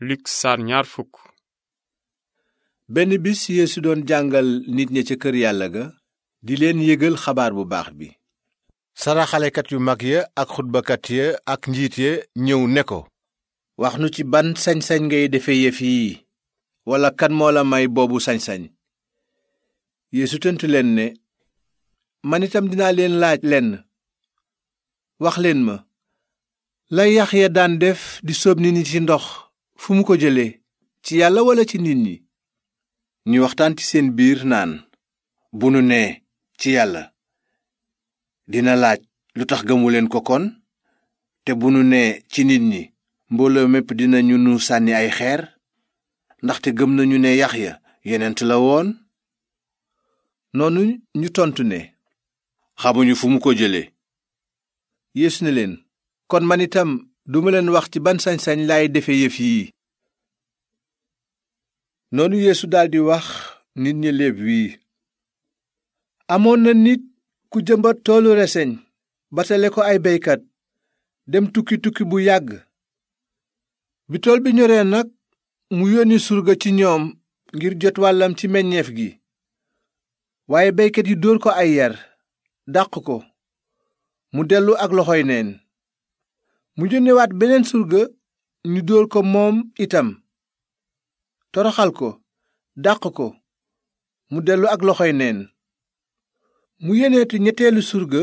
Luk saar ñaar benn bis yeesu doon jàngal nit ña ca kër yàlla ga di leen yëgal xabaar bu baax bi saraxalekat yu mag ya ak xutbakat ya ak njiit ya ñëw ne ko wax nu ci ban sañsañ ngay defe yëf yi walla kan moo la may boobu sañsañ sañ yeesu leen ne man itam dinaa leen laaj lenn waxleen ma la ya daan def di sóob nit ñi ci ndox fu mu ko jëlee ci yàlla walla ci nit ñi ñuy waxtaan ci seen biir naan bu nu nee ci yàlla dina laaj lu tax gëmuleen ko kon te bu nu nee ci nit ñi mbooloo mépp dina ñu nu sànni ay xeer ndaxte gëm nañu ne ya yenent la woon noonu ñu tontu ne xamuñu fu mu ko jële Yeesu ne leen duma leen wax ci ban sañ-sañ laay defe yëf yi noonu yéesu daldi wax nit ñi léeb wii amoon na nit ku jëmbat toolu reseñ batale ko ay beykat dem tukki tukki bu yàgg bi tool bi ñoree nag mu yónni surga ci ñoom ngir jot wàllam ci meññeef gi waaye beykat yi dóor ko ay yar dàq ko mu dellu ak loxoy neen mu yónnewaat beneen surga ñu dóor ko moom itam toroxal ko dàq ko mu dellu ak loxoy neen mu yeneeti ñetteelu surga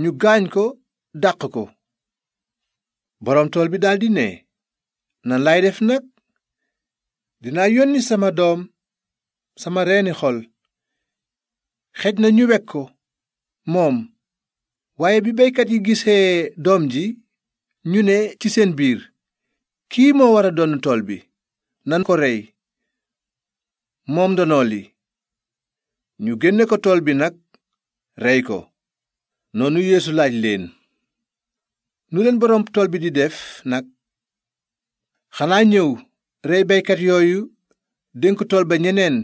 ñu gaañ ko dàq ko boroom tool bi daldi ne nan laay def nag dinaa yónni sama doom sama reeni xol xej na ñu wek ko moom waaye bi baykat yi gisee doom ji ñu ne ci seen biir kii moo war a doon tool bi nan ko rey moom ndono li ñu génne ko tool bi nag rey ko noonu yéesu laaj leen nu leen boroom tool bi di def nag xanaa ñëw rey baykat yooyu dénk tool ba ñeneen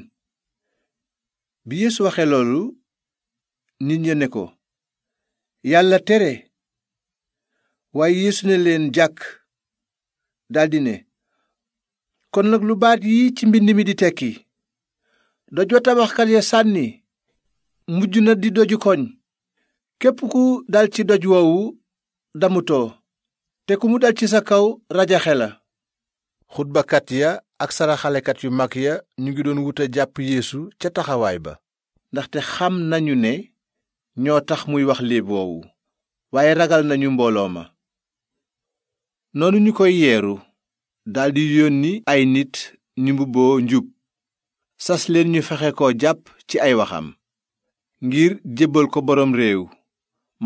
bi yéesu waxe loolu nit ña ne ko yàlla tere waaye yeesu ne leen jàkk daldi ne kon nag lu baat yi ci mbind mi di tekki doj wa tabaxkat ya sànni mujj na di doju koñ képp ku dal ci doj woowu damutoo te ku mu dal ci sa kaw rajaxe la xutbakat ya ak saraxalekat yu mag ya ñu ngi doon wuta jàpp yéesu ca taxawaay ba ndaxte xam nañu ne ñoo tax muy wax léeb woowu waaye ragal nañu mbooloo ma noonu ñu koy yeeru daldi yónni ay nit ñu mbubboo njub sas leen ñu fexe ko jàpp ci ay waxam ngir jëbal ko boroom réew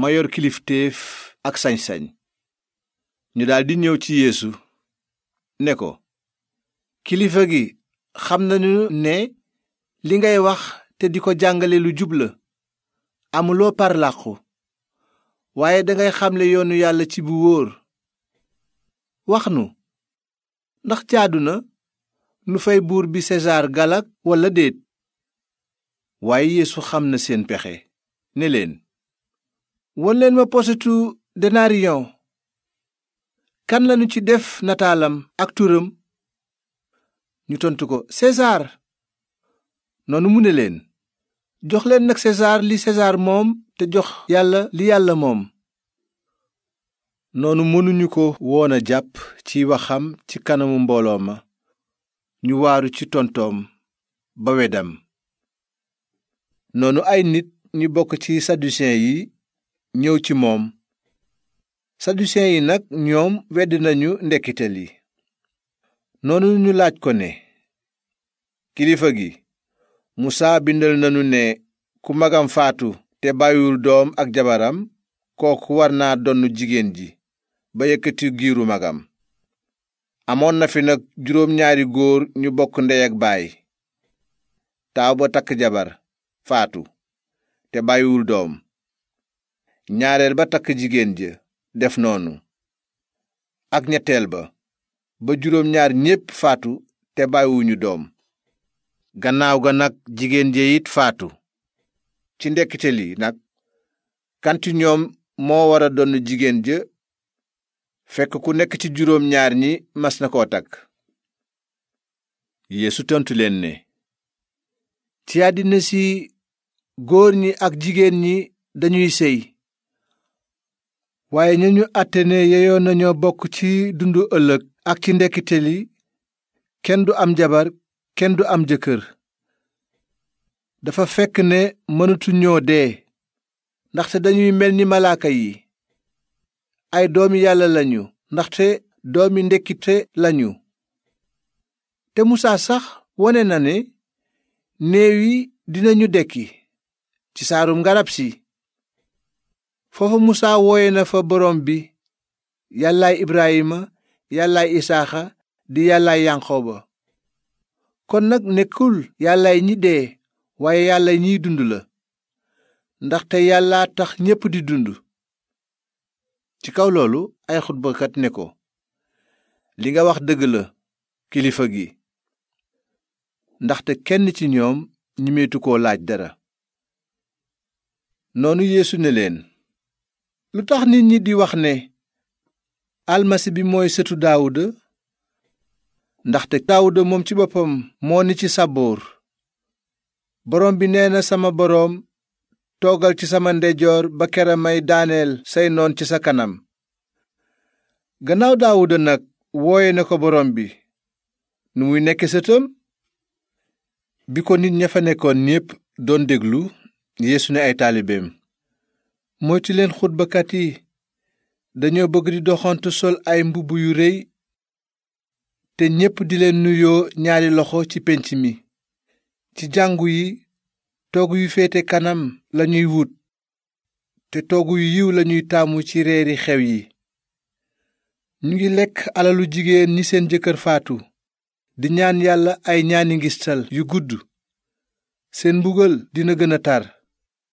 mayor kilifteef ak sañsañ ñu daldi ñëw ci yeesu ne ko kilifa gi xam nañu ne li ngay wax te di ko jàngale lu jub la amuloo parlàqu waaye dangay xamle yoonu yàlla ci bu wóor wax nu ndax caadu na nu fay buur bi sesaar galak walla déet waaye yeesu xam na seen pexe ne leen won ma posetu denariyon kan lanu ci def nataalam ak turam ñu tontu ko sesaar noonu mu ne leen jox leen nag sesaar li sesaar moom te jox yàlla li yàlla moom noonu mënuñu ko woona jàpp ci waxam ci kanamu mbooloo ma ñu waaru ci tontoom ba wedam noonu ay nit ñu bokk ci sadduseen yi ñëw ci moom sadduseen yi nag ñoom wedd nañu ndekkite li noonu ñu laaj ko ne kilifa gi musaa bindal nañu ne ku magam faatu te bàyyiwul doom ak jabaram kooku war naa donn jigéen ji ba giiru magam amoon na fi nag juróom góor ñu bokk ndey ak baay taaw ba takk jabar faatu te bàyyiwul doom ñaareel ba takk jigéen ja def noonu ak ñetteel ba ba juróom ñaar ñépp faatu te bàyyiwuñu doom gannaaw ga nag jigéen ja faatu ci ndekkite li nag kanti ñoom moo wara donn jigéen ja fekk ku nekk ci juróom ñaar ñi mas na koo takk yéesu tontu leen ne ci àddina si góor ñi ak jigéen ñi dañuy séy waaye ña ñu àtte ne yeyoo nañoo bokk ci dundu ëllëg ak ci ndekkite li kenn du am jabar kenn du am jëkkër dafa fekk ne mënatuñoo dee ndaxte dañuy mel ni malaaka yi ay doomi yàlla lañu ndaxte doomi ndekkite lañu te musaa sax wone na ne néew yi dinañu dekki ci saarum garab si foofa musaa wooye na fa boroom bi yàllaay ibrahima yàllaay isaaxa di yàllaay yanqooba kon nag nekkul yàllaay ñi dee waaye yàlla ñiy dund la ndaxte yàlla tax ñépp di dund ci kaw loolu ay xutbakat ne ko li nga wax dëgg la kilifa gi ndaxte kenn ci ñoom ñimeetu koo laaj dara noonu yeesu ne leen lu tax nit ñi di wax ne almasi bi mooy sëtu daawuda ndaxte daawuda moom ci boppam moo ni ci saboor boroom bi nee na sama boroom toogal ci sama ndeyjoor ba kera may daaneel say noon ci sa kanam gannaaw daawuda nag wooye na ko borom bi nu muy nekke sëtam bi ko nit ña fa nekkoon ñépp doon déglu yeesu ne ay taalibeem moytu leen xutbakat yi dañoo bëgg di doxantu sol ay mbubb yu rëy te ñépp di leen nuyoo ñaari loxo ci pénc mi ci jàngu yi toogu yu féete kanam lañuy wut te toogu yu yiw lañuy taamu ci reeri xew yi ñu ngi lekk alalu jigéen ñi seen jëkkër faatu di ñaan yàlla ay ñaani ngistal yu gudd seen mbugal dina gën a tar